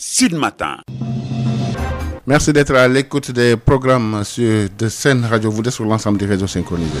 Sud Matin. Merci d'être à l'écoute des programmes sur, de Scène Radio. Vous êtes sur l'ensemble des réseaux synchronisés.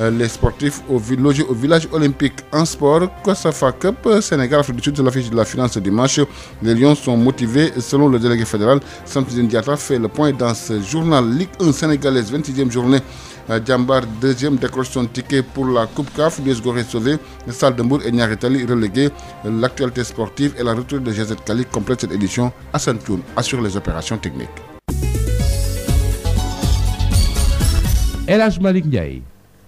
Euh, les sportifs au, logés au village en sport COSAFA Cup euh, Sénégal Afrique du Sud de l'affiche de la finance dimanche. Les Lions sont le délégué fédéral. Santidine Diatra fait le point dans ce journal Ligue 1 sénégalaise 26e journée. Euh, Djambar pour la Coupe CAF. Nies Goré sauvé, Saldembourg et Niaritali relégués. et la retour de GZ Kali complète cette édition. Hassan Toun assure les opérations techniques.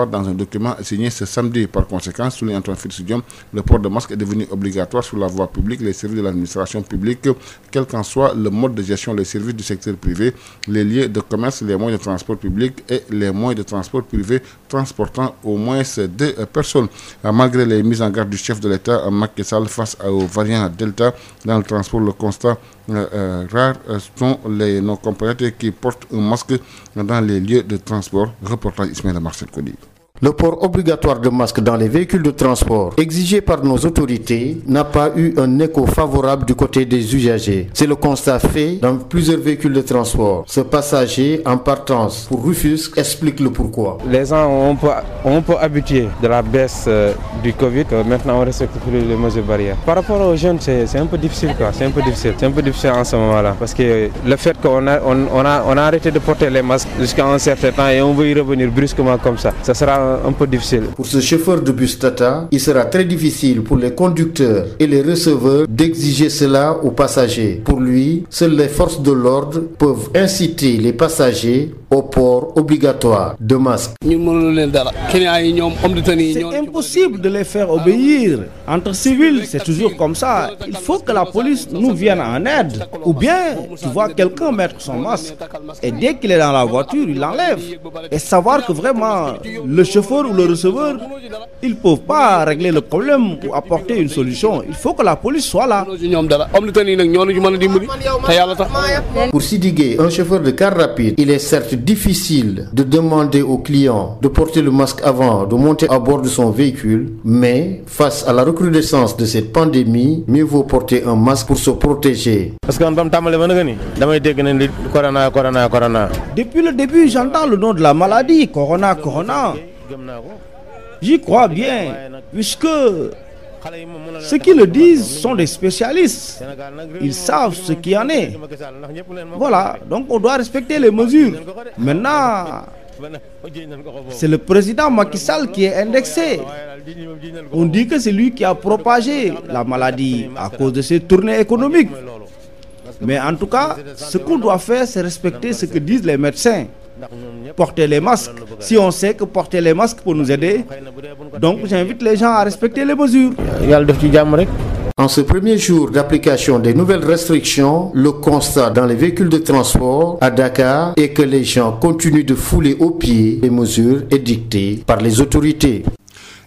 prévoir dans un document signé ce samedi. Par conséquent, souligne Antoine Félix Diom, le port de masque est devenu obligatoire sur la voie publique, les services de l'administration publique, quel qu'en soit le mode de gestion, les services du secteur privé, les lieux de commerce, les moyens de transport public et les moyens de transport privé transportant au moins deux personnes. Malgré les mises en garde du chef de l'État, Macky Sall, face aux variants Delta dans le transport, le constat euh, euh, rares sont les non-compatriotes qui de transport. Reportage Ismaël Le port obligatoire de masques dans les véhicules de transport exigé par nos autorités n'a pas eu un écho favorable du côté des usagers. C'est le constat fait dans plusieurs véhicules de transport. Ce passager en partance pour Rufisque explique le pourquoi. Les gens ont peu, habitué de la baisse euh, du Covid. Que euh, maintenant, on respecte plus les mesures Par rapport aux jeunes, c'est un peu difficile. C'est un peu difficile. en ce moment-là. Parce que le fait qu'on a, les masques jusqu'à un un peu difficile. Pour ce chauffeur de bus Tata, il sera très difficile pour les conducteurs et les receveurs d'exiger cela aux passagers. Pour lui, seules les forces de l'ordre peuvent inciter les passagers au port obligatoire de masque. ñun yi ñoom homme de tenue yi ñoo. c'est impossible de les faire obéir. entre civils c'est toujours comme ça il faut que la police nous vienne en aide. ou bien tu vois quelqu'un mettre son masque et dès qu'il est dans la voiture il l'enlève et savoir que vraiment le chauffeur ou le receveur ils peuvent pas régler le problème ou apporter une solution il faut que la police soit là. ñoom dara homme yi a dimbali te yàlla tax. un chauffeur de car rapide il est certes difficile de demander au client de porter le masque avant de monter à bord de son véhicule, mais face à la recrudescence de cette pandémie, mieux vaut porter un masque pour se protéger. Parce que corona, corona, corona. Depuis le début, j'entends le nom de la maladie, corona, corona. J'y crois bien, puisque Ceux qui le disent sont des spécialistes. Ils savent ce qu'il en est. Voilà, donc on doit respecter les mesures. Maintenant, c'est le président Macky Sall qui est indexé. On dit que c'est lui qui a propagé la maladie à cause de ses tournées économiques. Mais en tout cas, ce qu'on doit faire, c'est respecter ce que disent les médecins. porter les masques si on sait que porter les masques pour nous aider donc j'invite les gens à respecter les mesures. jàmm rek. En ce premier jour d'application des nouvelles restrictions, le constat dans les véhicules de transport à Dakar est que les gens continuent de fouler aux pieds les mesures édictées par les autorités.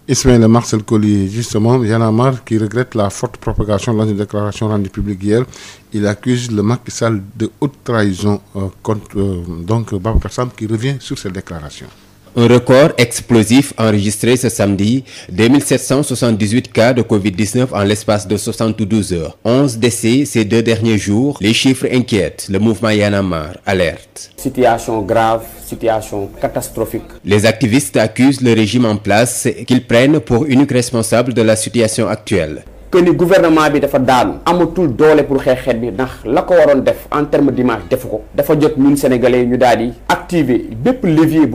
Ismaël Marcel Collier, justement, Y'en a marre, qui regrette la forte propagation dans une déclaration rendue publique hier. Il accuse le Macky Sall de haute trahison euh, contre euh, donc Babacar Sam qui revient sur cette déclaration. Un record explosif enregistré ce samedi, 2778 cas de Covid-19 en l'espace de 72 heures. 11 décès ces deux derniers jours. Les chiffres inquiètent. Le mouvement Y'en a marre alerte. Situation grave, situation catastrophique. Les activistes accusent le régime en place qu'ils prennent pour unique responsable de la situation actuelle. que ni gouvernement bi dafa daanu amatul doole pour la ko waroon def en terme d'image defu ko dafa jot ñun sénégalais bu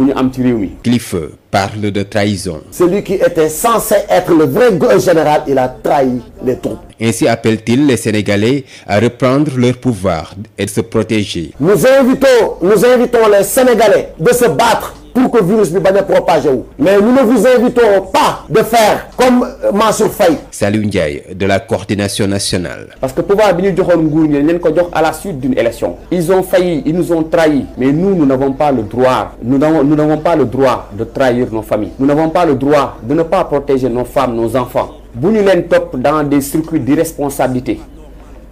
ñu am ci réew mi. Cliff parle de trahison. Celui qui était censé être le vrai général, il a trahi les troupes. Ainsi appelle-t-il les Sénégalais à reprendre leur pouvoir et de se protéger. Nous invitons, nous invitons les Sénégalais de se battre pour que virus bi bañ a mais nous ne vous invitons pas de faire comme euh, Mansour Faye Saliou Ndiaye de la coordination nationale parce que pouvoir bi ñu joxoon nguur ñi leen ko jox à la suite d'une élection ils ont failli ils nous ont trahis mais nous nous n'avons pas le droit nous n'avons nous n'avons pas le droit de trahir nos familles nous n'avons pas le droit de ne pas protéger nos femmes nos enfants bu ñu leen dans des circuits d'irresponsabilité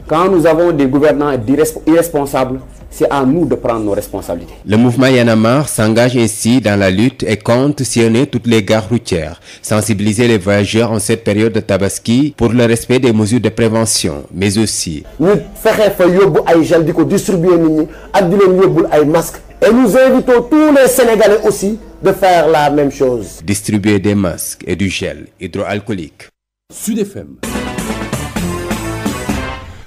quand nous avons des gouvernants irresponsables c'est à nous de prendre nos responsabilités. Le mouvement Y en a marre s'engage ainsi dans la lutte et compte sillonner toutes les gares routières, sensibiliser les voyageurs en cette période de tabaski pour le respect des mesures de prévention, mais aussi ñu fexe fa yóbbu ay gel di ko distribuer nit ñi ak ay masques. Et nous invitons tous les Sénégalais aussi de faire la même chose. Distribuer des masques et du gel hydroalcoolique.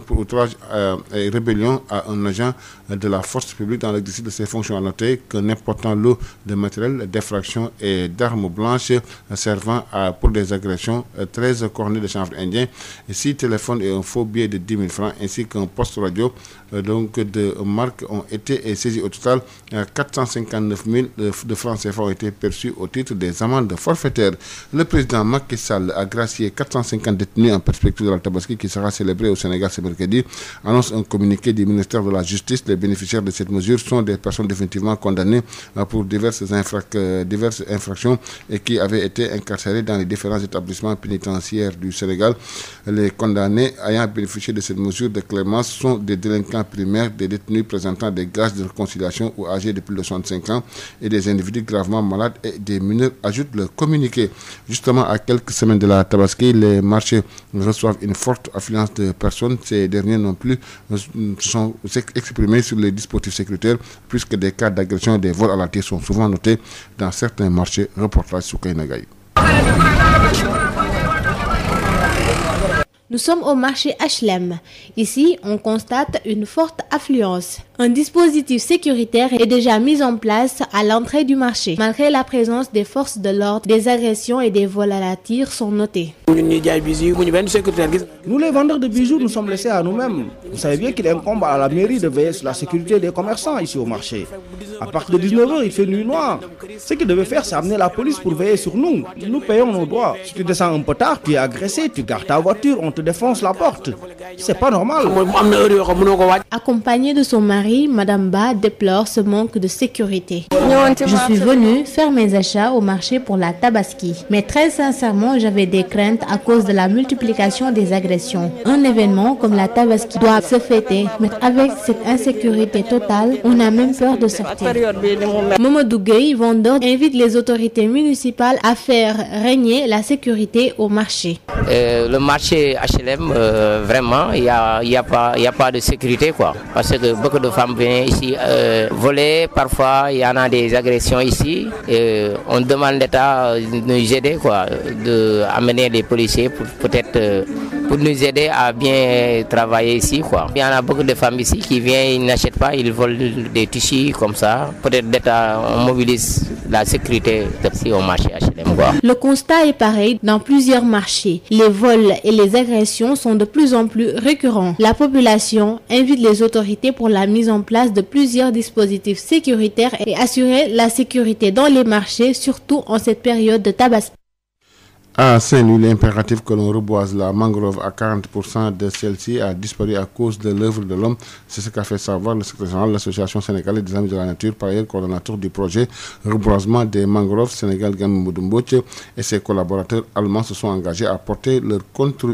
pour outrage euh, à rébellion à un agent de la force publique dans l'exercice de ses fonctions. À noter qu'un important lot de matériel d'effraction et d'armes blanches servant pour des agressions, 13 euh, de chanvre indien, 6 téléphones et un faux billet de 10 000 francs, ainsi qu'un poste radio euh, donc de marque ont été saisis. Au total, euh, de francs CFA ont été perçus au titre des amendes forfaitaires. Le président Macky a gracié détenus en perspective de la Tabaski qui sera célébrée au Sénégal ce bénéficiaires de cette mesure sont des personnes définitivement condamnées euh, pour diverses, infrac euh, diverses infractions et qui avaient été incarcérées dans les différents établissements pénitentiaires du Sénégal. de cette mesure de clémence sont des délinquants primaires, des détenus présentant des gages de réconciliation ou âgés de plus de 65 ans et des individus gravement malades de la Tabaski, les marchés reçoivent une forte affluence de personnes. Ces derniers non plus euh, se sur les dispositifs sécuritaires puisque des cas d'agression et des vols à la tire sont souvent notés dans certains marchés reportage Soukaina Nous sommes au marché HLM. Ici, on constate une forte affluence. Un dispositif sécuritaire est déjà mis en place à l'entrée du marché. Malgré la présence des forces de l'ordre, des agressions et des vols à la tire sont notés. Nous les vendeurs de bijoux, nous sommes laissés à nous-mêmes. Vous savez bien qu'il incombe à la mairie de veiller sur la sécurité des commerçants ici au marché. À partir de 19h, il fait nuit noire. Ce qu'ils devaient te défonce la de son Je suis venue faire mes achats au marché pour la Tabaski mais très sincèrement j'avais des craintes à cause de la multiplication des agressions. Un événement comme la Tabaski doit se fêter mais avec cette insécurité totale on a même peur de sortir. Mamadou Gueye vendeur invite les autorités municipales à faire régner la sécurité au marché. le marché HLM, euh, vraiment, il n'y a, y pas, y a de sécurité. quoi. Parce que beaucoup de femmes viennent ici euh, voler. Parfois, il y en a des agressions ici. Euh, on demande l'État euh, de nous aider, quoi, d'amener les policiers pour peut-être... Euh, pour nous aider à bien travailler ici. Quoi. Il a beaucoup de femmes ici qui viennent, ils n'achètent pas, ils volent des tissus comme ça. Peut-être d'État, on mobilise la sécurité aussi au marché HLM. Quoi. Le constat est pareil dans plusieurs marchés. Les vols et les agressions agressions sont de plus en plus récurrents. La population invite les autorités pour la mise en place de plusieurs dispositifs sécuritaires et assurer la sécurité dans les marchés, surtout en cette période de tabaski. À Saint-Louis, l'impératif que l'on reboise la mangrove à 40% de celle-ci a disparu à cause de l'œuvre de l'homme. C'est ce qu'a fait savoir le secrétaire général de l'Association sénégalaise des Amis de la Nature, par ailleurs coordonnateur du projet Reboisement des mangroves Sénégal Gamimoudoumboche et ses collaborateurs allemands se sont engagés à apporter leur,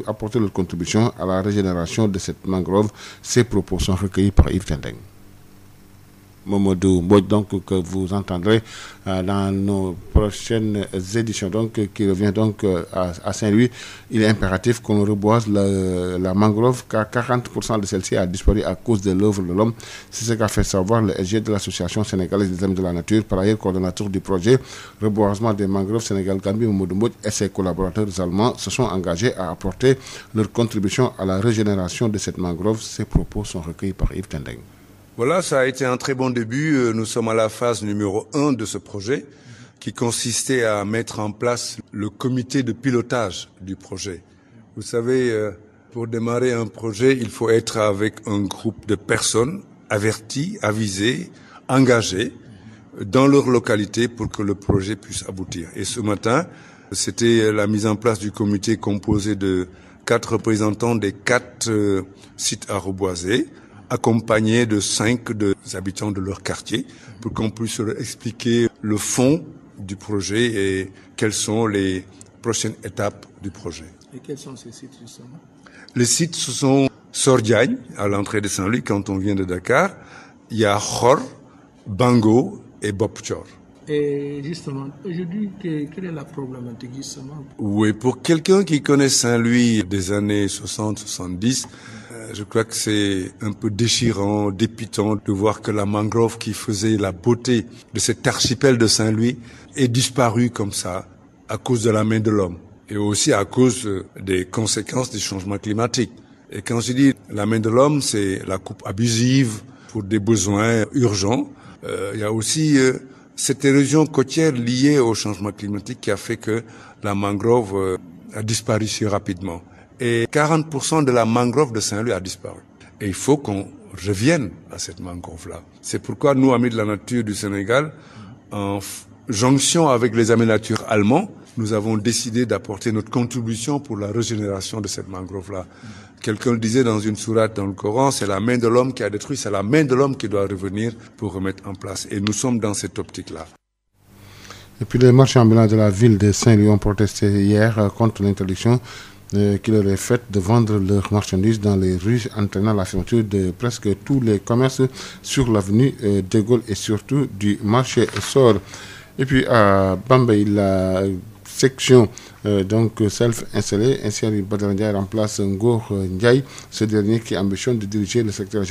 apporter leur contribution à la régénération de cette mangrove. Ces propos sont recueillis par Yves Tendeng. Momodou Mbodj, donc que vous entendrez euh, dans nos prochaines éditions, donc qui revient donc euh, à, à Saint-Louis. Il est impératif qu'on reboise la, la mangrove car 40% de celle-ci a disparu à cause de l'œuvre de l'homme. C'est ce qu'a fait savoir le SG de l'Association sénégalaise des amis de la nature, par ailleurs coordonnateur du projet Reboisement des mangroves Sénégal-Gambie, Momodou Mbodj et ses collaborateurs allemands se sont engagés à apporter leur contribution à la régénération de cette mangrove. Ces propos sont recueillis Voilà, a été un très bon début. Euh, nous sommes à la phase numéro un de ce projet qui consistait à mettre en place le comité de pilotage du projet. Vous savez, euh, pour démarrer un projet, il faut être avec un groupe de personnes averties, avisées, engagées dans leur localité pour que le projet puisse aboutir. Et ce matin, c'était la mise en place du comité composé de quatre représentants des quatre euh, sites à reboiser, accompagné de cinq des habitants de leur quartier pour qu'on puisse leur le fond du projet et quelles sont les prochaines étapes du projet. Et quels Les sites, ce sont Sordiagne, à l'entrée de Saint-Louis, quand on vient de Dakar. Bango et Bopchor. Et justement, aujourd'hui, quelle est la problématique justement Oui, pour quelqu'un qui connaît Saint-Louis des années Euh, je crois que c'est un peu déchirant, dépitant de voir que la mangrove qui faisait la beauté de cet archipel de Saint-Louis est disparue comme ça à cause de la main de l'homme et aussi à cause euh, des conséquences du changement climatique. Et quand je dis la main de l'homme, c'est la coupe abusive pour des besoins urgents. Euh, il y a aussi euh, cette érosion côtière liée au changement climatique qui a fait que la mangrove euh, a disparu si rapidement. et 40% de la mangrove de Saint-Louis a disparu. Et il faut qu'on revienne à cette mangrove-là. C'est pourquoi nous, amis de la nature du Sénégal, en jonction avec les amis nature allemands, nous avons décidé d'apporter notre contribution pour la régénération de cette mangrove-là. Quelqu'un le disait dans une sourate dans le Coran, c'est la main de l'homme qui a détruit, c'est la main de l'homme qui doit revenir pour remettre en place. Et nous sommes dans cette optique-là. Et puis les marchands ambulants de la ville de qui leur est faite de vendre leurs marchandises dans les rues, entraînant la fermeture de presque tous les commerces sur l'avenue euh, de Gaulle et surtout du marché sort. Et puis à Bambay, la section euh, donc self-installée ainsi Badara Ndiaye remplace Ngor euh, Ndiaye ce dernier qui ambitionne de diriger le secteur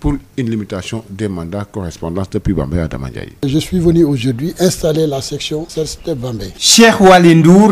pour une limitation des mandats correspondance depuis Bambey à je suis venu aujourd'hui la section self de Bambey Cheikh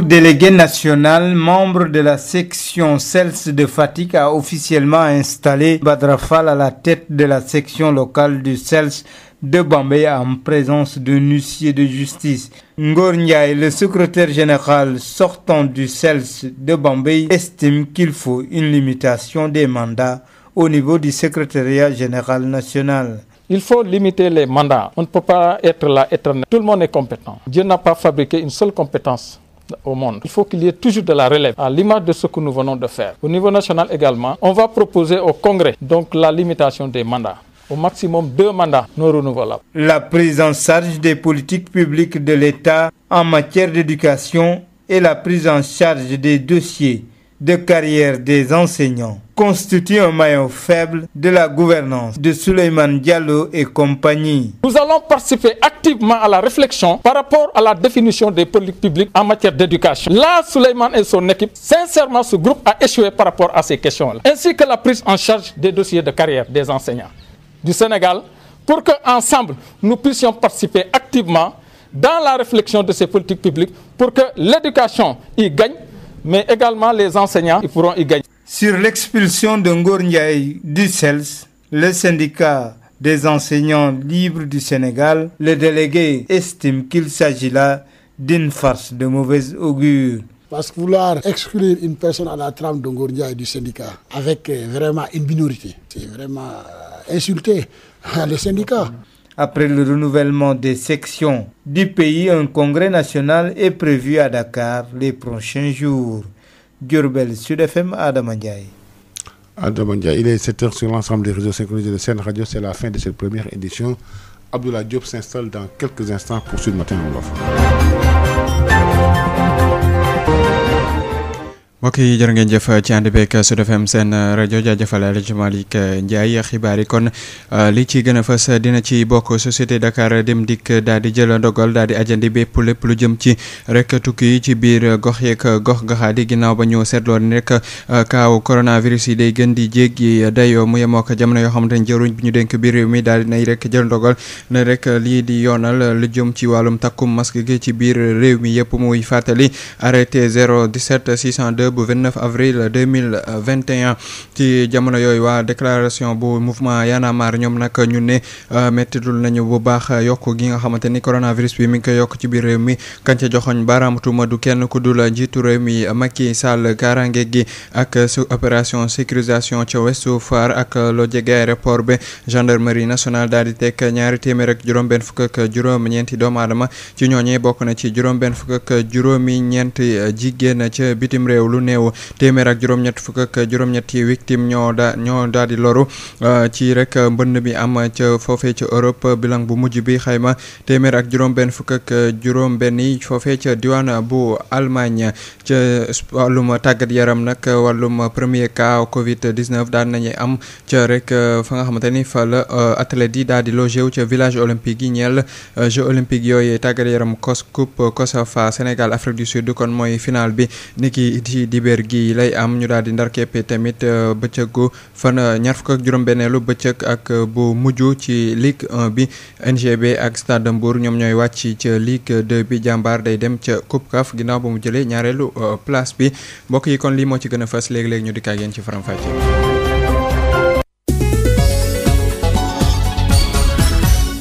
délégué national membre de la section self de Fatick a officiellement installé Badara à la tête de la section locale du self de Bambey en présence d'un huissier de justice Ngor Ndiaye, le secrétaire général sortant du CELS de Bombay, estime qu'il faut une limitation des mandats au niveau du secrétariat général national. Il faut limiter les mandats. On ne peut pas être là éternel. Tout le monde est compétent. Dieu n'a pas fabriqué une seule compétence au monde. Il faut qu'il y ait toujours de la relève, à l'image de ce que nous venons de faire. Au niveau national également, on va proposer au Congrès donc la limitation des mandats. au maximum deux mandats non renouvelables. La prise en charge des politiques publiques de l'État en matière d'éducation et la prise en charge des dossiers de carrière des enseignants constitue un maillon faible de la gouvernance de Souleymane Diallo et compagnie. Nous allons participer activement à la réflexion par rapport à la définition des politiques publiques en matière d'éducation. Là, Souleymane et son équipe, sincèrement, ce groupe a échoué par rapport en charge des dossiers de des enseignants. du Sénégal pour que ensemble nous puissions participer activement dans la réflexion de ces politiques publiques pour que l'éducation y gagne, mais également les enseignants ils pourront y gagner. Sur l'expulsion de Ngorniaï du CELS, le syndicat des enseignants libres du Sénégal, le délégué estime qu'il s'agit là d'une farce de mauvaise augure. Parce que vouloir exclure une personne à la trame de Ngorniaï du syndicat avec euh, vraiment une minorité, c'est vraiment euh, insulté les syndicats. Après le renouvellement des sections du pays, un congrès national est prévu à Dakar les prochains jours. Durbel, Sud FM, Adama Ndiaye. Adama Ndiaye, il est 7h sur l'ensemble des réseaux synchronisés de Sen Radio. C'est la fin de cette première édition. Abdoulaye Diop s'installe dans quelques instants pour Sud Matin Wolof. mbokk yi jërë ngeen jëf ci ànd beeg Sud FM seen rajo jaajëfal El Hadj Malick Ndiaye xibaar yi kon euh, li ci gën a fës dina ci bokk societé Dakar Dem Dikk daal di jël ndogal daal di ajandi bépp lépp lu jëm ci rek tukki ci biir gox yeeg gox gaxaa di ginnaaw ba ñu seetloo ni rek euh, kaaw coronavirus yi day gën di jéggi dayoo mu yemoo ko jamono yoo xamante ni jëruñ bi ñu dénk biir réew mi daal di nay rek jël ndogal ne rek lii di yonal lu jëm ci wàllum takkum masque gi ci biir réew mi yëpp muy fàttali arrêté 017 602 bu 29 avril 2021 ci jamono yooyu waa déclaration bu mouvement Y'en a marre ñoom nag ñu ne euh, méttitul nañu bu baax yokk gi nga xamante ni coronavirus bi mi ngi koy yokk ci biir réew mi kañ ca joxoñ baaraamtuma du kenn ku dul njiitu réew mi Macky Sall kaaraange gi ak su opération sécurisation ca Ouest Foire ak loo jege aéroport bi gendarmerie nationale daal di tek ñaari téeméer ak juróom-benn fukk ak ñeenti doomu aadama ci ñooñee bokk na ci juróom-benn fukk ak juróomi ñeent jigéen ca néew téeméer ak juróom-ñett fukk ak juróom-ñetti victime ñoo daa ñoo daal di loru euh, ci rek mbënn bi am ca foofee ca Europe bilan bu mujj bi xayma téeméer ak juróom-benn fukk ak juróom-benn yi foofee ca diwaan bu Allemagne ca wàllum tàggat yaram nag wàllum premier cas Covid 19 daan nañu am ca rek euh, fa nga xamante ni fa la euh, athlètes yi daal di logé wu ca village olympique yi ñeel jeux olympiques yooyu tàggat yaram COS coupe COSAFA Sénégal Afrique du Sud dibeer gi lay am ñu daal di ndar keppe tamit euh, bëccëgu fan euh, ñaar ak juróom beneelu bëccëg ak euh, bu mujj ci Ligue 1 bi NGB ak Stade Mbour ñoom ñooy wàcc ca Ligue de bi jàmbaar day dem ca Coupe CAF ginnaaw ba mu jëlee ñaareelu place bi mbokk yi kon lii moo ci gën a léegi-léegi ñu dikkaay yéen ci faram-fàcce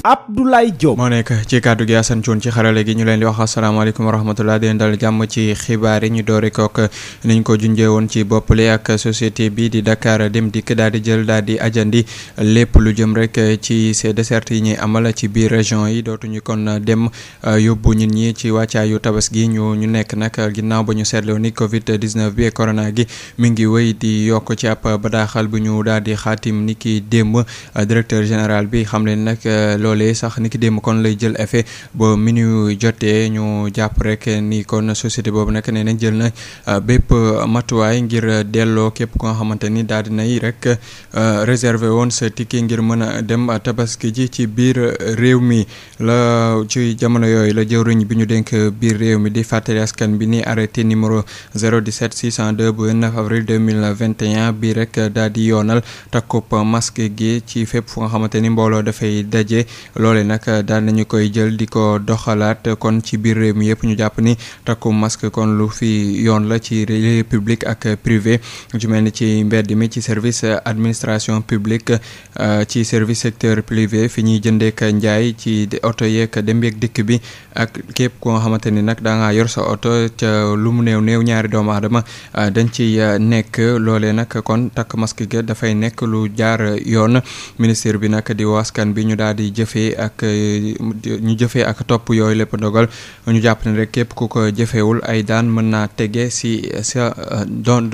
Abdoulaye Diop. moo nekk ci kàddu gi Assane Thioune ci xarale gi ñu leen di wax asalaamaaleykum wa rahmatulah di leen dal ci xibaar yi ñu doori kook niñ ko junjee woon ci bopp li ak société bi di Dakar dem dikk daal di jël daal di ajandi lépp lu jëm rek ci ces dessertes yi ñuy amal ci biir région yi dootuñu kon dem euh, yóbbu nit ñi ci wàccaayu tabas gi ñu ñu nekk nag ginnaaw ba ñu seetloo ni Covid 19 bi korona gi mu ngi wéy di yokk ci ab badaaxal bu ñu daal di xaatim ni ki démb euh, directeur général bi xam nag. Euh, loolee sax niki démb kon lay jël effet mu nu jotee ñu jàpp rek ni kon société boobu nag nee nañ jël na euh, bépp euh, matuwaay ngir delloo képp ko nga xamante ni daal dinay rek euh, réservé woon sa ticket ngir mën a dem tabaski ji ci biir réew mi la ci jamono yooyu la jëwriñ bi ñu dénk biir réew mi di fàttali askan bi ni arrêté numéro 017 602 bu 9 avril 2021 bi rek daal di yoonal takkub mask gi ci fépp fu nga xamante ni mbooloo dafay daje loole nag daal nañu koy jël di ko doxalaat kon ci biir réew mi yëpp ñu jàpp ni takku masque kon lu fi yoon la ci public ak privé ju mel ni ci mbedd mi ci service administration publique euh, ci service secteur privé fi ñuy jëndeek njaay ci oto yeeg dem yeeg dikk bi ak képp koo xamante ni nag da yor sa oto ca lu mu néew néew ñaari doomu aadama euh, dañ ci euh, nekk loole nag kon takk masque ga dafay nekk lu jaar yoon ministère bi nag di waskan bi ñu daal di jëf jëfee ak euh, ñu jëfee ak topp yooyu lépp ndogal ñu jàpp ne rek képp ku ko jëfewul ay daan mën naa tege si sa euh, dond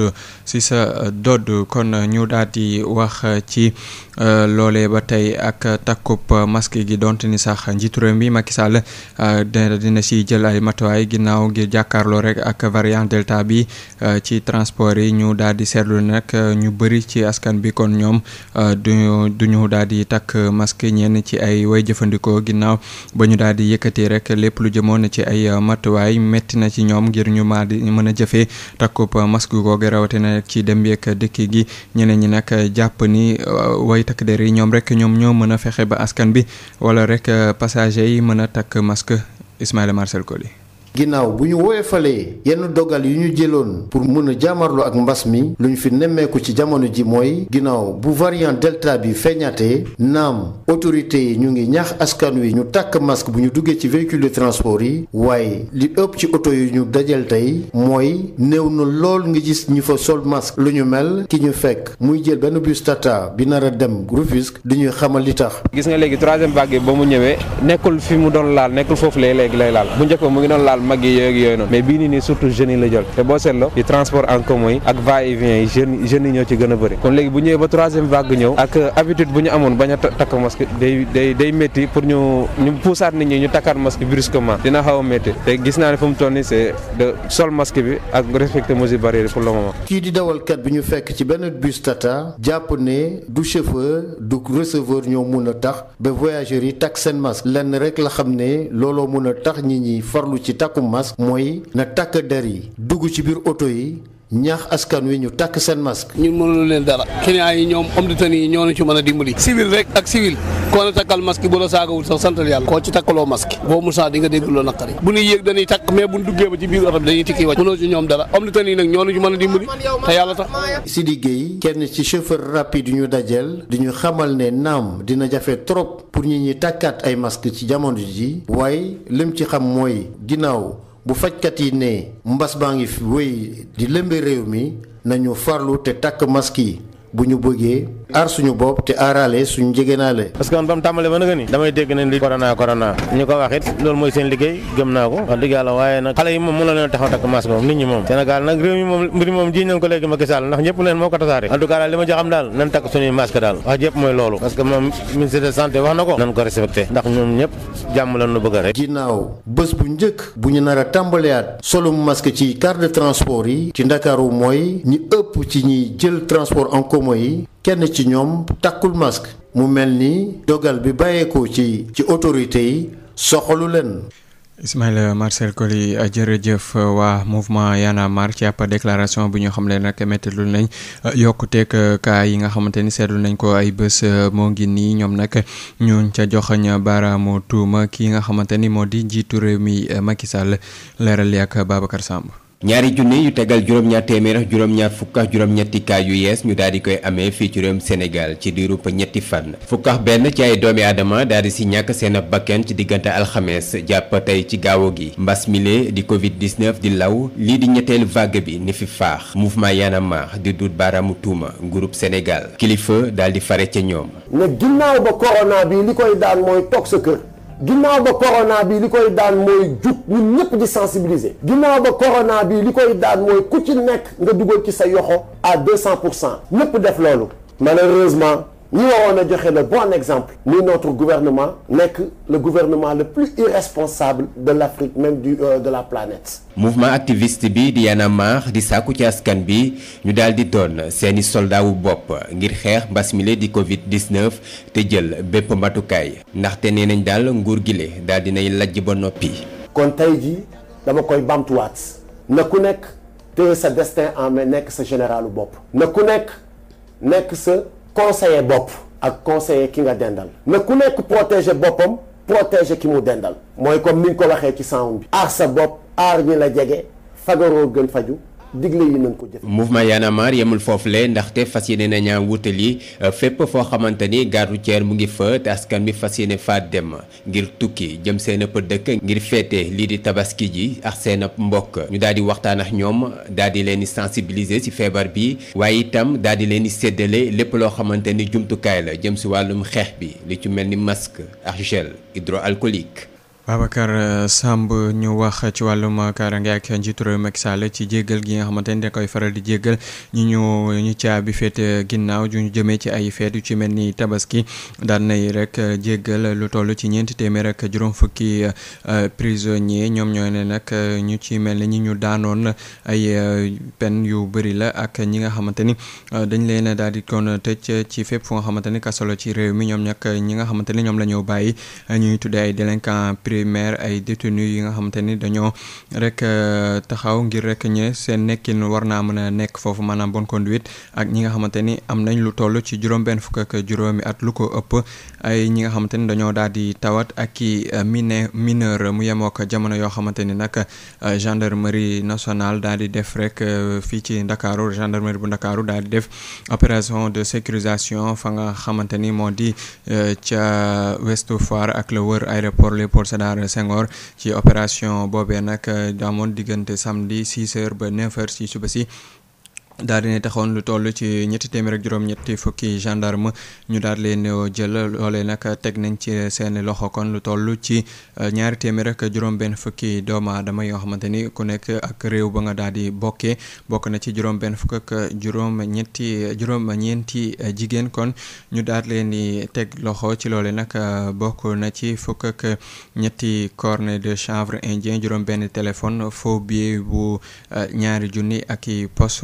sa euh, dodd kon ñu daal di wax ci loole ba tey ak takkub masque gi donte ni sax njiitu réew mi Macky Sall dina dina si jël ay matuwaay ginnaaw ngir jàkkaarloo rek ak variant delta bi ci transport yi ñu daal di seetlu nag ñu bëri ci askan bi kon ñoom duñu daal takk masque ñenn ci ay way jëfandikoo ginnaaw ba ñu daal di yëkkati rek lépp lu jëmoon ci ay uh, matuwaay metti na ci ñoom ngir ñu maa di mën a jëfee takkub masque googu rawatina ci dem ak dëkk gi ñeneen ñi nag jàpp ni uh, way takk der yi ñoom rek ñoom ñoo mën a fexe ba askan bi wala rek uh, passager yi mën a takk masque Ismaïla Marcel Koli ginnaaw bu ñu woyofalee yenn dogal yu ñu jëloon pour mën a ak mbas mi lu ñu fi nemmeeku ci jamono ji mooy ginnaaw bu variant delta bi feeñatee naam autorité yi ñu ngi ñaax askan wi ñu tàkk masque bu ñu duggee ci véhicule de transport yi waaye li ëpp ci oto yu ñu dajal tey mooy néew na lool nga gis ñu fa sol masque lu ñu mel ki ñu fekk muy jël benn bus tata bi nar dem Rufisque di ñuy xamal li tax. gis nga léegi troisième vague ba mu ñëwee nekkul fi mu doon laal nekkul foofu léeg-léeg lay mag yi yooyu yooyu noonu mais bii nii nii surtout jeunes la jël te boo seetloo ci transport en commun yi ak va yi jeunes yi ñoo ci gën a bëri kon léegi bu ñëwee ba troisième vague ñëw ak euh, habitude bu ñu amoon bañ a takk masque day day day pour ñu puusaat nit ñu takkaat masque brusquement dina xaw a métti te gis naa ne fu mu toll nii c'est de sol masque bi ak respecter mesures barrières pour le moment. kii di dawalkat bi ñu fekk ci benn bus tata jàpp ne du chauffeur du receveur yi takk seen masque lenn la xam ne looloo mun a masque mooy na takk der yi dugg ci biir oto yi ñaax askan wi ñu takk seen masque. ñu mënul leen dara client yi ñoom homme de tenue yi ñoo ñu ci mën a dimbali. civil rek ak civil koo na takkal masque bu la saagawul sax santal yàlla koo ci takkaloo masque boo musaa di nga dégg loo naqari bu ñuy yéeg dañuy takk mais bu ñu duggee ba ci biir oto bi dañuy tikki wàcc mënoo ci ñoom dara homme de tenue yi nag ñoo ñu ci mën a dimbali te yàlla tax Sidi Gueye kenn ci chauffeur rapide yu ñu dajeel di ñu xamal ne naam dina jafe trop pour ñi ñi takkaat ay masque ci jamono ji waaye lim ci xam mooy ginnaaw bu fajkat yi nee mbas baa ngi fi wéy di lëmbe réew mi nañu farlu te takk masque yi bu ñu bëggee aar suñu bopp te aaraale suñu njëgënaale. parce que ba mu tàmbalee ba nga ni damay dégg nañ li corona corona ñu ko wax loolu mooy seen liggéey gëm ko wax dëgg yàlla waaye nag xale yi moom mënoo leen taxaw takk masque moom nit ñi moom Sénégal nag réew mi moom mbir moom ji nañ ko léegi Macky Sall ndax ñëpp leen moo ko tasaare li ma joxam daal nañ takk suñuy masque daal wax jëpp mooy loolu parce moom ministre de santé wax Romo kenn ci ñoom takkul masque mu mel ni dogal bi bàyyeekoo ci ci autorité yi soxalu leen. Ismaïla Marcel Coly jërëjëf waa mouvement Y'en a marre ci ab déclaration bu ñu xamle nag méttilu nañ euh, yokkute euh, cas yi nga xamante ni seetlu nañ ko ay bés euh, moo ngi nii ñoom nag ñu ca joxañ baaraamu tuuma ki nga xamante ni moo di njiitu réew mi Macky Sall leeral yi ak Babacar Samb. ñaari junne yu tegal juróom-ñaar téeméer ak juróom-ñaar fukk ak juróom-ñetti kaa yu yees ñu daal di koy amee fii ci réewum Sénégal ci diirub ñetti fan fukk benn ci ay doomi aadama daal di si ñàkk seen ab bakkan ci diggante alxames jàpp tey ci gaawo gi mbas mile di covid-19 di law lii di ñetteelu vague bi ni fi faax mouvement Y'en a marre di duut baaraamu tuuma groupe Sénégal kilifa daal di fare ca ñoom ne ginnaaw ba corona bi li koy daan mooy toog sa ginnaaw ba corona bi li koy daan mooy jug ñun ñëpp di sensibiliser ginnaaw ba corona bi li koy daan mooy ku nekk nga dugal ci sa yoxo à deux cent pour cent ñëpp def loolu malheureusement ñi waroon a joxe le bon exemple muy notre gouvernement nekk le gouvernement le plus irresponsable de l'Afrique même du euh, de la planète mouvement activiste bi di Y'en a marre di saaku ci askan bi ñu daal di doon seeni soldat bopp ngir xeex mbas mi di Covid-19 te jël bépp matukaay ndaxte nee nañ daal nguur gile daal nay lajj ba noppi kon tey jii dama koy bamtuwaat na ku nekk te sa destin en nekk sa généralu bopp na ku nekk nekk sa conseiller bopp ak conseiller ki nga dendal mais ku nekk protéger boppam protéger ki mu dendal mooy comme ni ñu ko waxee ci sàmm bi aar sa bopp aar ñi la jege fagaroo gën faju digle yi nañ ko jëf mouvement Y en a marre yemul foofule ndaxte fas yéene na ñaa wutali euh, fépp foo xamante ni gare routière mu ngi fa te askan bi fas yéene faat dem ngir tukki jëm seen ëpp dëkk ngir feete lii di tabaski ji ak seen ëpp mbokk ñu daal di waxtaan ak ñoom daal di leen di sensibiliser ci feebar bi waaye itam daal di leen di seddale lépp loo xamante ni jumtukaay la jëm si wàllum xeex bi li ci mel ni masque ak gel hydroalcoolique Babacar euh, Samb ñu wax ci wàllum kaaraange ak njiitu réew Macky ci jéggal gi nga xamante ni da koy faral di jéggal ñu ñu ñu caabi féete ginnaaw ju ñu jëmee ci ay feet yu ci mel ni tabaski daan nay rek euh, jéggal lu toll ci ñeenti téeméer ak juróom fukki euh, prisonnier ñoom ñoo ne nag ñu ci mel ni ñu daanoon ay pen yu bëri la ak ñi nga xamante ni dañ leen daal di kon tëj ci fepp fu nga xamante ni kasolo ci réew mi ñoom nag ñi nga xamante ñoom la ñu bàyyi ñuy tuddee ay délinquant primaire ay détenus yi nga xamante ni dañoo rek euh, taxaw ngir rek ñe seen nekkin war naa mën a nekk foofu maanaam bonne conduite ak ñi nga xamante ni am nañ lu toll ci juróom benn fukk ak juróomi at lu ko ëpp ay ñi nga xamante ni dañoo daal di tawat ak i euh, mine mineur mu yemook jamono yoo xamante ni nag euh, gendarmerie nationale daal di def rek euh, fii ci ndakaaru gendarmerie bu ndakaaru daal di def opération de sécurisation fa nga xamante ni moo di ca westu Foire ak la wër aéroport Léopold Sédar Senghor ci opération boobee nag daamoon diggante samedi 6 heures ba 9 ci suba si daal di ne taxoon lu toll ci ñetti téeméer ak juróom-ñetti fukki gendarme ñu daal leen jël loolee nag teg nañ ci seen loxo kon lu toll ci euh, ñaari téeméer ak juróom-benn fukki doomu aadama yoo xamante ni ku nekk ak réew ba nga daal di bokkee bokk na ci juróom-benn fukk ak juróom-ñetti juróom-ñeenti jigéen kon ñu daal leen di teg loxo ci loole nag euh, bokk na ci fukk ak ñetti corne de chanvre indien juróom-benn téléphone faux billet bu euh, ñaari junni ak i poste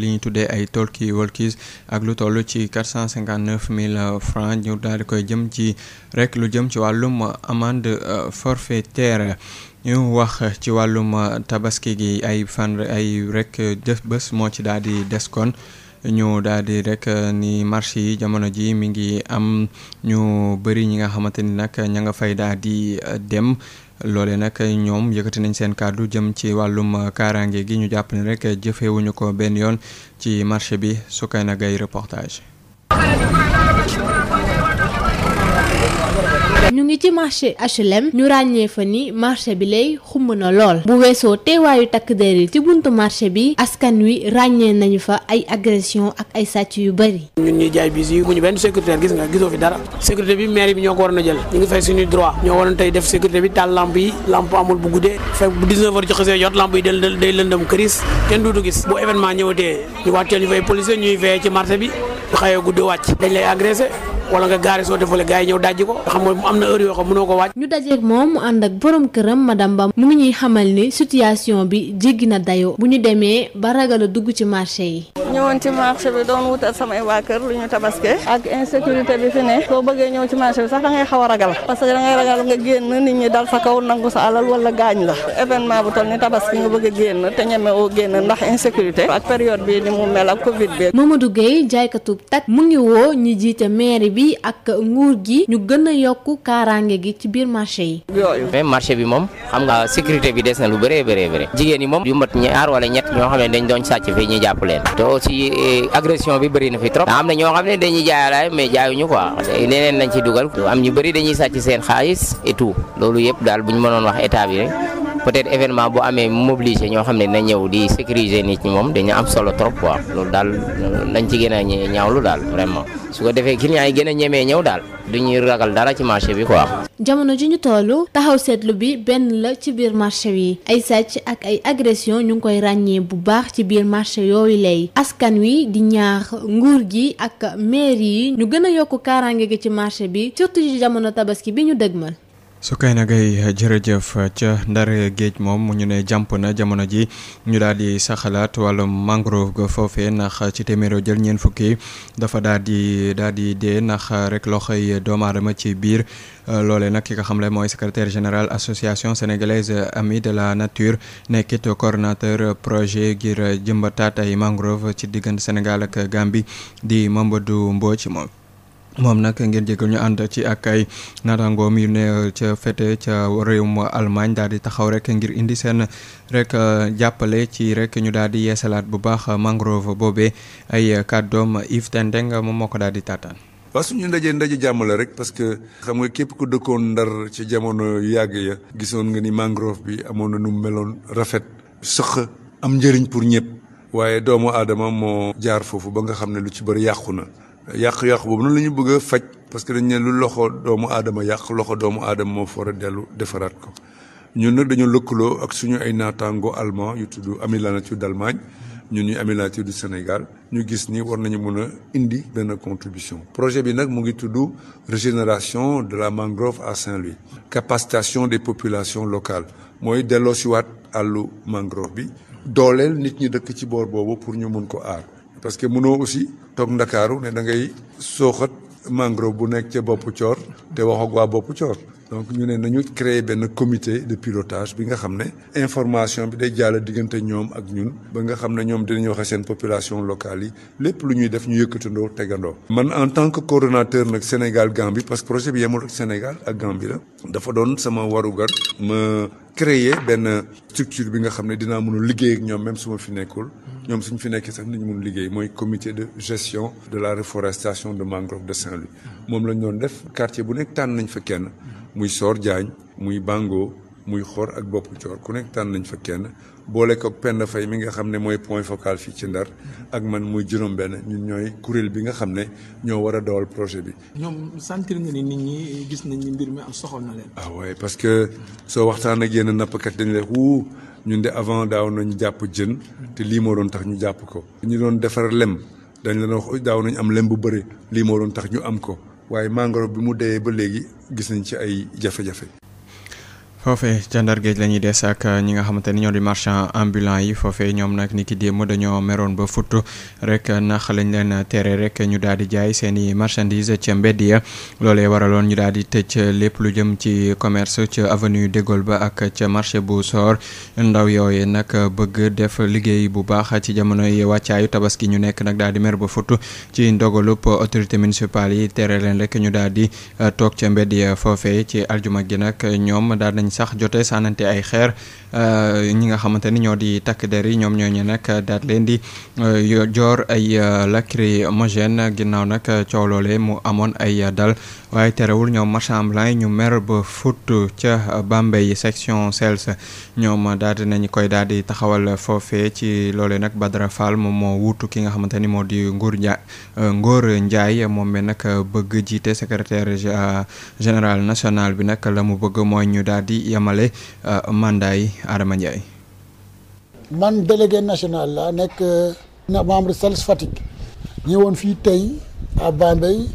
li ñu tuddee ay talkie walkies ak lu toll ci quatre cent cinquante neuf mille francs ñu daal di koy jëm ci rek lu jëm ci wàllum amende euh, forfaitaire ñu wax ci wàllum tabaski gi ay fan ay rek def bés moo ci daal di des kon ñu daal di rek euh, ni marché yi jamono ji mi ngi am ñu bëri ñi nga xamante ni nag ña nga fay daal di euh, dem. loolee nag ñoom yëkkati nañ seen kàddu jëm ci wàllum kaaraange gi ñu jàpp ne rek jëfewuñu ko benn yoon ci marché bi Soukeyna Gaye reportage ñu ngi ci marché HLM ñu ràññee fa ni marché bi lay xumb na lool bu weesoo teewaayu takk der ci buntu marché bi askan wi ràññee nañu fa ay agression ak ay sàcc yu bari. ñun ñuy jaay bis yi mu ñu benn sécuritaire gis nga gisoo fi dara sécurité bi maire bi ñoo ko waroon a jël ñu ngi fay suñuy droit ñoo waroon tey def sécurité bi taal lamp yi lamp amul bu guddee fekk bu 19 heures ci xasee jot lamp yi day lëndëm këris kenn duutu gis bu événement ñëwatee ñu wala nga gaare soo defale gars yi ñëw dajji ko xam nga am na heure yoo xam mënoo ko wàcc ñu dajeeg moom mu ànd ak borom mu ngi ñuy xamal ni situation bi jéggi na dayoo bu ñu demee ba ragal a dugg ci marché yi ñëwoon ci marché bi doon wutal samay waa kër lu ñu tabaske ak insécurité bi fi ne soo bëggee ñëw ci marché bi sax da ngay xaw a ragal parce que da ngay ragal nga génn nit ñi dal sa kaw nangu sa alal wala gaañ la événement bu toll ni tabaski nga bëgg a génn te oo génn ndax insécurité ak période bi ni mu mel ak covid bi Mamadou Gueye jaaykatub mu ngi woo ñi jiite mairie bi bi ak nguur gi ñu gën a yokk kaaraange gi ci biir marché yi. mais marché bi moom xam nga sécurité bi des na lu bëree bëree bëri jigéen yi moom yu mat ñaar wala ñett ñoo xam ne dañ doon sàcc fii ñu jàpp leen te aussi eh, agression bi bëri na fi trop am na ñoo xam ne dañuy jaayalaay mais jaayuñu quoi leneen lañ ci dugal am ñu bëri dañuy sàcc seen xaalis et loolu yëpp daal bu ñu mënoon wax état bi rek peut-être événement bu amee mobiliser ñoo xam ne na ñëw di sécuriser nit ñi moom dañu am solo trop quoi loolu daal lañ ci gën a ñaawlu daal vraiment su ko defee clients yi gën a ñemee ñëw daal duñuy ragal dara ci marché bi quoi. jamono ji ñu tollu taxaw seetlu bi benn la ci biir marché yi ay sàcc ak ay agression ñu ngi koy ràññee bu baax ci biir marché yooyu lay askan wi di ñaax nguur gi ak maire yi ñu gën a yokk kaaraange gi ci marché bi surtout ci jamono tabaski bi ñu dëgmal. su kay na ngay jërëjëf ca ndar géej moom ñu ne jàmp na jamono ji ñu daal di saxalaat wàllum mangrove foofe ndax ci téeméero jël ñeent fukki dafa daal di daal di dee ndax rek yi doomu aadama ci biir loole nag ki nga xam ne mooy secrétaire général association sénégalaise ami de la nature nekkit coordonnateur projet giir jëmbataat ay mangrove ci diggante Sénégal ak Gambie di mboo ci moom. moom nag ngeen jégal ñu ànd ci ak ay naataangoom yu ne ca fete ca réewum Allemagne daal di taxaw rek ngir indi seen rek jàppale ci rek ñu daal di yeesalaat bu baax mangrove boobee ay doom Yves Tendeng moom moo ko daal di taataan. waaw suñu ndaje ndaje jàmm la rek parce que xam nga képp ku dëkkoon ndar ci jamono yàgg ya gisoon nga ni mangrove bi amoon na nu meloon rafet sëq am njëriñ pour ñëpp waaye doomu aadama moo jaar foofu ba nga xam ne lu ci bëri yàqu na yàq-yàq boobu noonu la ñu bëgg a faj parce que dañ loxo doomu aadama yàq loxo doomu aadama moo fora dellu defaraat ko ñun nag dañu lëkkaloo ak suñu ay naataango allemand yu tudd ami la Nature d'Allemagne ñun ñuy Amis de la Nature du Sénégal ñu gis ni war nañu mën a indi benn contribution projet bi nag mu ngi tudd régénération de la mangrove à Saint-Louis capacitation des population locale mooy delloo siwaat àllu mangrove bi dooleel nit ñi dëkk ci boor boobu pour ñu mun ko aar toog ndakaaru ne da ngay sooxat mangrove bu nekk ca boppu coor te wax ak waa boppu coor donc ñu ne nañu créer benn comité de pilotage bi nga xam ne information bi day jàll diggante ñoom ak ñun ba nga xam ne ñoom dinañu wax seen population locale yi lépp lu ñuy def ñu yëkkatandoo tegandoo. man en tant que coordonnateur nag Sénégal Gambie parce que projet bi yemul ak Sénégal ak Gambie la dafa doon sama warugar ma créer benn structure bi nga xam ne dinaa mën a liggéey ak ñoom même su fi nekkul. ñoom suñ fi nekkee sax nañu mun liggéey mooy comité de gestion de la reforestation de mangrove de Saint-Louis moom lañ doon def quartier bu nekk tànn nañ fa kenn. muy Sor Diagne muy Bango muy Xor ak bopp Coor ku nekk tànn nañ fa kenn boole ko Penda Fay mi nga xam ne mooy point focal fii ci Ndar ak man muy juróom-benn ñun ñooy kuréel bi nga xam ne ñoo war a dawal projet bi. ñoom sentir nit ñi gis nañ ni mbir am soxal na waaye ah parce que soo waxtaan ak yenn nappkat dañu leen wuu ñun de avant daaw nañu jàpp jën te lii moo doon tax ñu jàpp ko. ñu doon defar lem dañ leen wax daaw nañu am lem bu bëri lii moo doon tax ñu am ko. waaye mangoro bi mu deyee ba léegi gis nañ ci ay jafe-jafe foofee ca Ndar Géej la ñuy des ak euh, ñi nga xamante ñoo di marchand ambulant yi foofee ñoom nag ni ki démb dañoo meroon ba futt rek nax lañ leen tere rek ñu daal di jaay seen i marchandise ca mbedd ya loolee waraloon ñu daal di tëj lépp lu jëm ci commerce ca avenue de Gaulle ba ak ca marché bu soor ndaw yooye nag bëgg def liggéey bu baax ci jamono yi wàccaayu tabaski ñu nekk nag daal di mer ba futt ci ndogalub autorité municipale yi tere leen rek ñu daal di euh, sax jotee sànnante ay xeer euh, ñi nga xamante ni ñoo di takk der yi ñoom ñooñu nag daal leen di euh, joor ay euh, lacrymogène ginnaaw nag coow loolee mu amoon ay dal waaye terewul ñoom marchand ambulant yi ñu mer ba fut ca Bambey section CELS ñoom daal di nañu koy daal di taxawal foofe ci loolee nag Badara Fall moom moo wutu ki nga xamante ni moo di Ngor Ndiaye euh, Ngor Ndiaye moom mi nag bëgg jiite secrétaire euh, général national bi nag la mu bëgg mooy ñu daal di yemale euh, mandat yi Adama Ndiaye. man délégué national laa nekk membre CELS Fatick ñëwoon fii tey à Bambey.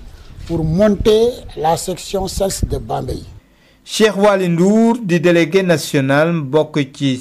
pour monter la section CELS de Cheikh Waly Ndour di délégué national bokk ci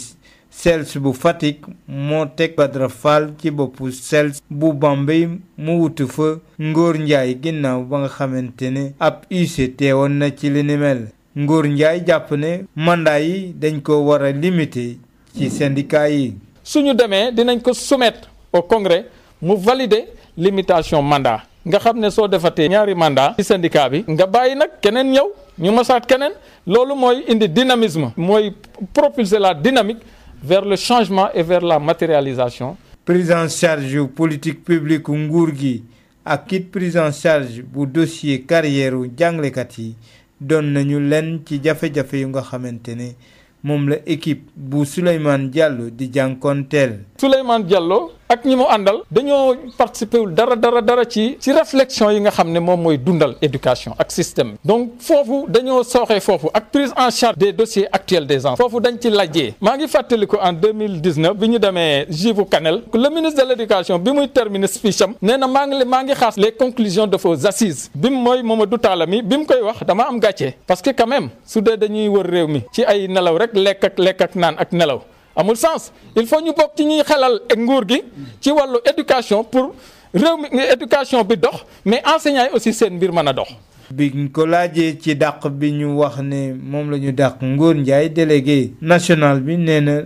CELS bu Fatick moo teg Badara Fall ci boppu CELS bu Bambey mu wutu fa Ngor Ndiaye ginnaaw ba nga xamante ne ab UC teewoon na ci li ni mel Ngor Ndiaye jàpp ne mandat yi dañ ko war a limiter ci syndicat yi. suñu demee dinañ ko soumettre au congrès mu valider limitation mandat. nga xam ne soo defatee ñaari mandat ci syndicat bi nga bàyyi nag keneen ñëw ñu masaat keneen loolu mooy indi dynamisme mooy propulser la dynamique vers le changement et vers la matérialisation prise en charge politique publique nguur gi ak it prise en charge bu dossier carrière u jàngalekat yi doon nañu leen ci jafe-jafe yu nga xamante ne moom la équipe bu Souleymane Diallo di jànkoonteel Souleymane Diallo ak ñi mu àndal dañoo participer wul dara dara dara ci ci réflexion yi nga xam ne moom mooy dundal éducation ak système donc foofu dañoo sooxee foofu ak prise en charge des dossiers actuels des enfants foofu dañ ci lajjee maa ngi ko en 2019 bi ñu demee Jivu Kanel le ministre de l'éducation bi muy termine speech am nee na maa ngi maa ngi xaas les conclusions de vos assises bi mu mooy Mamadou Talla mi bi mu koy wax dama am gàccee parce que quand même su dee dañuy wër réew mi ci ay nelaw rek lekk ak naan ak nelaw amul sens il faut ñu bokk ci ñuy xelal ak nguur gi ci wàllu éducation pour réew mi éducation bi dox mais enseignants yi aussi seen mbir mën a dox. bi biñ ko laajee ci dàq bi ñu wax ne moom la ñu dàq Ngor Ndiaye délégué national bi nee na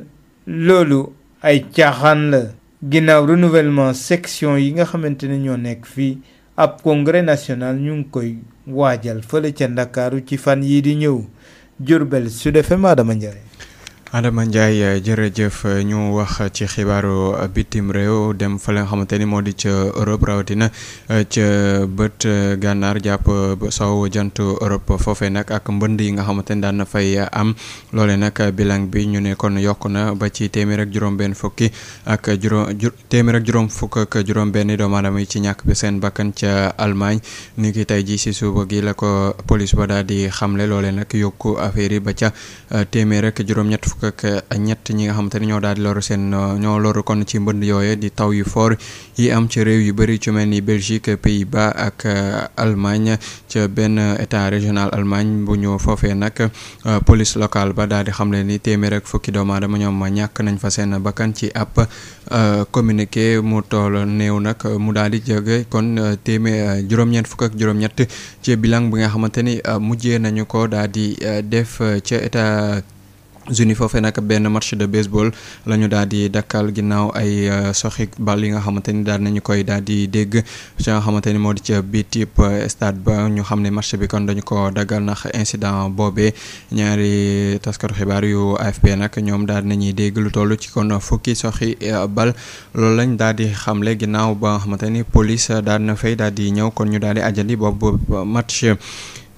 loolu ay caaxaan la ginnaaw renouvellement section yi nga xamante ne ñoo nekk fii ab congrès national ñu ngi koy waajal fële ca Ndakaaru ci fan yii di ñëw Diourbel Sud FM Adama Ndiaye Adama Ndiaye euh, jërëjëf euh, ñu wax ci xibaaru euh, bitim réew dem fa la nga xamante ni moo di ca Europe rawatina ca bët gànnaar jàpp saw jant Europe foofee nag ak mbënd yi nga xamante ni daan na fay am loolee nag bilang bi ñu ne kon yokk na ba ci téeméer ak juróom-benn ak juróom téeméer ak juróom fukk ak juróom-benn doomu yi ci ñàkk bi seen bakkan ca Allemagne ni ki tey ji si suba gi la ko police ba daal di xamle loole nag yokk affaire yi ba ca téeméer ak juróom-ñett ak eh, ñett ñi nga xamante ni ñoo daal di loru seen eh, ñoo loru kon ci mbënd yooyu di taw yu foor yi am ci réew yu bëri ci mel ni Belgique pays ba ak eh, Allemagne ca benn état régional Allemagne bu ñu foofee nag police locale ba daal di xam leen ni téeméer ak fukki doomu ñoom ma ñàkk nañ fa seen bakkan ci ab communiqué mu toll néew nag mu daal di jóge kon téeméer juróom-ñett fukk ak juróom-ñett ci bilan bi nga xamante ni mujjee nañu ko daal di def ca état. juni foofe nag benn match de baseball la ñu daal di dakkal ginnaaw ay euh, soxi bal yi nga xamante ni daal nañu koy daal di dégg ci nga xamante ni moo di ca bi type euh, stade ba ñu xam ne match bi kon dañu ko daggal nax incident boobee ñaari taskatu xibaar yu AFP nag ñoom daal nañuy dégg lu toll ci kon fukki soxi euh, bal loolu lañ daal di xamle ginnaaw ba nga xamante ni police daal na fay daal di ñëw kon ñu daal di ajandi boobu match.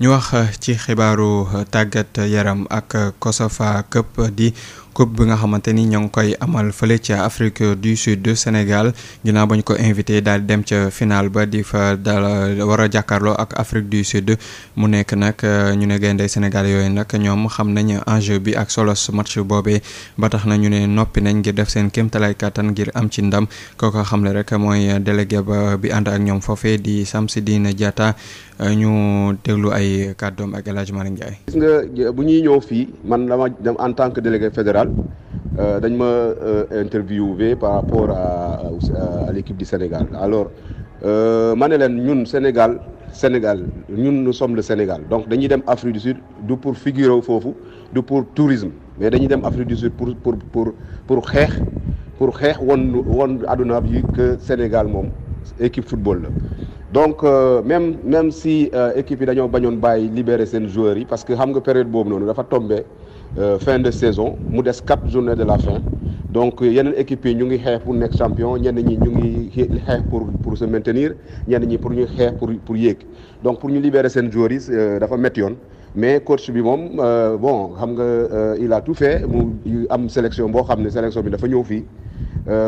ñu wax eh, ci xibaaru eh, tàggat yaram ak Cosafa eh, këpp di coupe bi nga xamante ni ñoo ngi koy amal fële ca Afrique du Sud Sénégal ginnaaw ba ñu ko invité daal dem ca final ba di fa dal war a jàkkaarloo ak Afrique du Sud mu nekk nag ñu ne gaynde Sénégal yooyu nag ñoom xam nañ enjeu bi ak solos match boobee ba tax na ñu ne noppi nañ ngir def seen kéemtalaay kàttan ngir am ci ndam kooko xam le rek mooy délégué ba bi ànd ak ñoom foofee di na jata ñu déglu ay kàddoom ak El Hadj Sénégal. Euh, dañ ma euh, bi par rapport à, à, à l'équipe du Sénégal alors euh, ma ne leen ñun Sénégal Sénégal ñun nous sommes le Sénégal donc dañuy dem Afrique du Sud du pour figurer foofu du pour tourisme mais dañuy dem Afrique du Sud pour pour pour pour xeex pour xeex won won àdduna bi que Sénégal moom équipe football la donc euh, même même si euh, équipe yi dañoo bañoon bàyyi libérer seen joueurs yi parce que xam nga période boobu noonu dafa tombé Euh, fin de saison mu des quatre journées de la fin donc euh, yeneen équipes yi ñu ngi xeex pour nekk champion ñenn ñi ñu ngi xeex pour pour se maintenir ñenn ñi pour ñu xeex pour pour yéeg donc pour ñu libérer seen joueurs yi euh, dafa métti yoon mais coach bi moom bon xam nga il a tout fait mu am sélection boo xam ne sélection bi dafa ñëw fii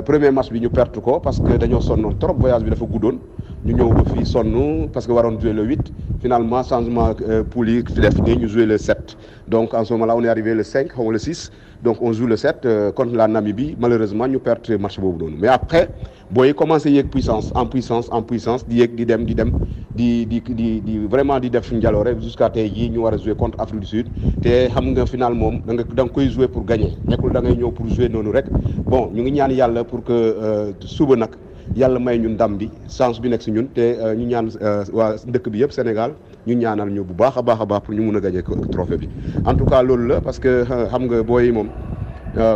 premier match bi ñu perte ko parce que dañoo sonnoon trop voyage bi dafa guddoon. ñu ñëw ba fii sonn parce que waroon jouer le huit finalement changement euh, poule yi def nii ñu jouer le sept donc en ce moment on est arrivé le cinq xaw ma le six donc on joue le sept euh, contre la Namibie malheureusement ñu perte match boobu noonu mais après booy commencé yéeg puissance en puissance en puissance di yéeg di dem di dem di di di di vraiment di def njaloore jusqu'à tey jii ñu war a jouer contre Afrique du Sud te xam nga final moom da nga da nga koy jouer pour gagner nekkul da ngay ñëw pour jouer noonu rek ñu ngi ñaan yàlla pour que euh, suba nag. yàlla may ñu ndam bi chance bi nekk si ñun te euh, ñu ñaan euh, waa dëkk bi yëpp Sénégal ñu ñaanal ñu bu baax a baax a baax pour ñu mun a gagné trophée bi en tout cas loolu la parce que euh, xam nga booy moom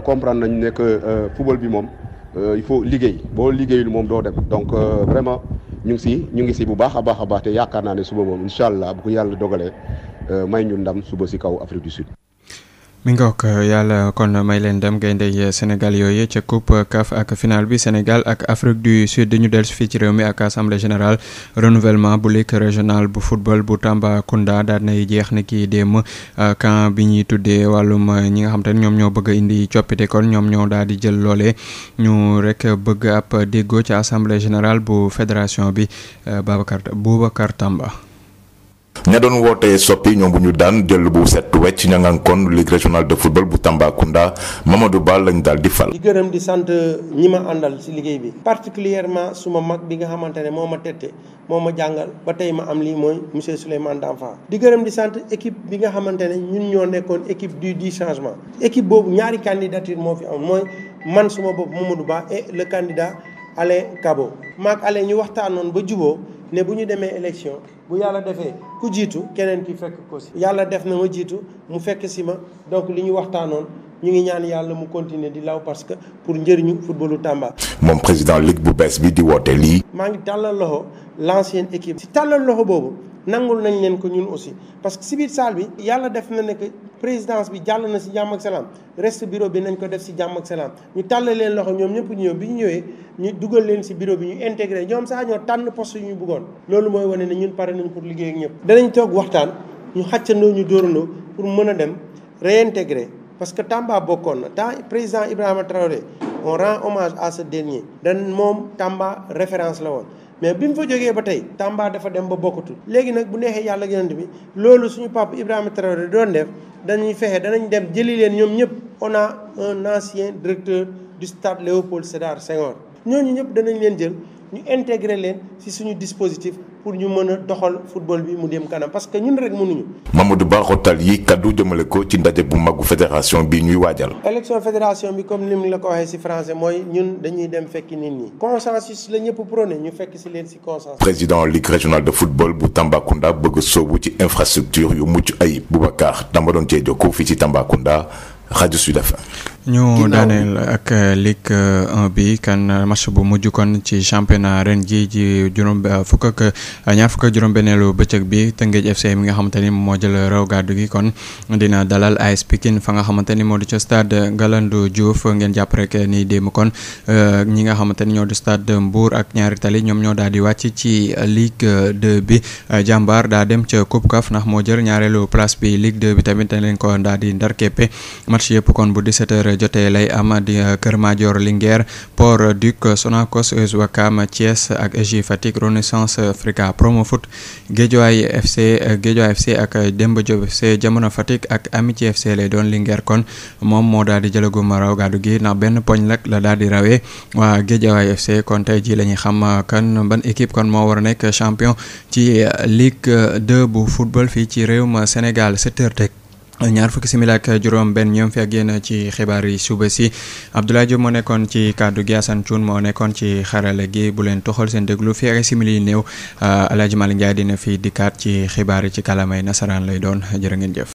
comprendre nañ ne que football bi moom il faut liggéey boo liggéeyul moom doo dem donc vraiment ñu ngi si ñu ngi si bu baax a baax a baax te yaakaar naa ne suba moom incha allah bu yàlla dogalee may ñu ndam suba si kaw Afrique du Sud. mi ngook euh, yàlla kon may leen dem gayndey euh, Sénégal yooyu ca coupe euh, CAF ak final bi Sénégal ak Afrique du Sud ñu dellusi fii ci réew mi ak assemblée générale renouvellement bu ligue régionale bu football bu tamba daal nay jeex ni kii démb camp bi ñuy tuddee wàllum ñi nga xam te ne ñoom ñoo bëgg indi coppite kon ñoom ñoo daal di jël loole ñu rek bëgg ab déggoo ci assemblée générale bu fédération bi Babacar Boubacar Tamba. ña doon wootee soppi ñoom bu ñu daan jël bu set wecc ña ngaan kon ligue régionale de football bu Tambacounda Mamadou Ba lañ daal di fal. di gërëm di sant ñi ma àndal si liggéey bi. particulièrement suma mag bi nga xamante ne moo ma tette moo ma jàngal ba tey ma am lii mooy monsieur Souleymane Danfa. di gërëm di sant équipe bi nga xamante ne ñun ñoo nekkoon équipe du du changement. équipe boobu ñaari candidature moo fi am mooy man suma bopp Mamadou Ba et le candidat Alain Kabo. maak Alain ñu waxtaanoon ba juboo ne bu ñu demee élection. bu yàlla defee ku jiitu keneen ki fekk ko si yàlla def na ma jiitu mu fekk si ma donc li ñu waxtaanoon ñu ngi ñaan yàlla mu continuer di law parce que pour njëriñu footballu Tamba. moom président ligue bu bees bi di woote lii. maa ngi tàllal loxo l'ancienne équipe. si tàllal loxo boobu. nangul nañ leen ko ñun aussi parce que si biir salle bi yàlla def na ne que présidence bi jàll na si jàmm ak salaam reste bureau bi nañ ko def si jàmm ak salaam ñu tàll leen loxo ñoom ñëpp ñëw bi ñu ñëwee ñu dugal leen si bureau bi ñu intégré ñoom sax ñoo tànn poste yu ñu buggoon loolu mooy wane ne ñun pare nañ pour liggéey ak ñëpp danañ toog waxtaan ñu xàccandoo ñu dóorandoo pour mën a dem réintégrer parce que Tamba bokkoon na temps président Ibrahima Traoré on rend hommage à ce dernier dan moom Tamba référence la woon mais bi mu fa jógee ba tey Tamba dafa dem ba bokkatul léegi nag bu neexee yàlla yonent bi loolu suñu papa Ibrahima Traoré doon def dañuy fexe danañ dem jëli leen ñoom ñëpp ona a un ancien directeur du stade Léopold Sédar Senghor ñooñu ñëpp danañ leen jël ñu intégrer leen si suñu dispositif pour ñu mën a doxal football bi mu dem kanam parce que ñun rek mënuñu. Mamadou Ba xottal yi kaddu jëmale ko ci ndaje bu magu fédération bi ñuy waajal. élection fédération bi comme ni mu la ko waxee ci français mooy ñun dañuy dem fekki nit ñi. consensus la ñëpp prôné ñu fekk ci leen ci consensus. président ligue régionale de football bu Tambacounda bëgg soobu ci infrastructure yu mucc ayib Boubacar dama doon cee jokkoo fii ci Tambacounda rajo Sud FM ñu daaneel ak euh, Ligue 1 euh, bi kan euh, match bu mujj kon ci championnat ren ji ci juróom fukk ak ñaar fukk juróom-benneelu bëccëg bi Tëngéej FC mi nga xamante ni moo jël rew gaddu gi kon dina dalal ay Pikine fa nga xamante ni moo di ca stade Galandou Diouf ngeen jàpp rek ni démb kon ñi nga xamante ni ñoo di stade Mbour ak ñaari tali ñoom ñoo daal di wàcc ci Ligue de bi jàmbaar daa dem ca Coupe CAF ndax moo jël ñaareelu place bi Ligue 2 bi tamit dañ leen ko daal di ndarkeppe match jotee lay am di uh, Kër Madior Linguère Port Duc Sonacos US Ouakam ak EJ Fatick Renaissance Africa Promo Foot Guédiawaye FC uh, ak Demba Diop FC Jamono Fatick ak Amitié FC lay doon Linguère kon moom moo daal di jëlaguma raw gàddu gi ndax benn poñ lak la daal di rawee waa Guédiawaye FC kon tey jii lañuy xam uh, kan ban équipe kon moo war a nekk champion ci Ligue 2 bu football fii ci réewum Sénégal 7h teg ñaar fukki simila ak juróom benn ñoom fi ak yéen ci xibaar yi suba si Abdoulaye Diop moo nekkoon ci kàddu gi Assane moo nekkoon ci xarale gi bu leen toxal seen déglu fi ak simili yi néew El Hadj Malick Ndiaye dina fi kaat ci xibaar yi ci kalamay nasaraan lay doon jërë ngeen jëf.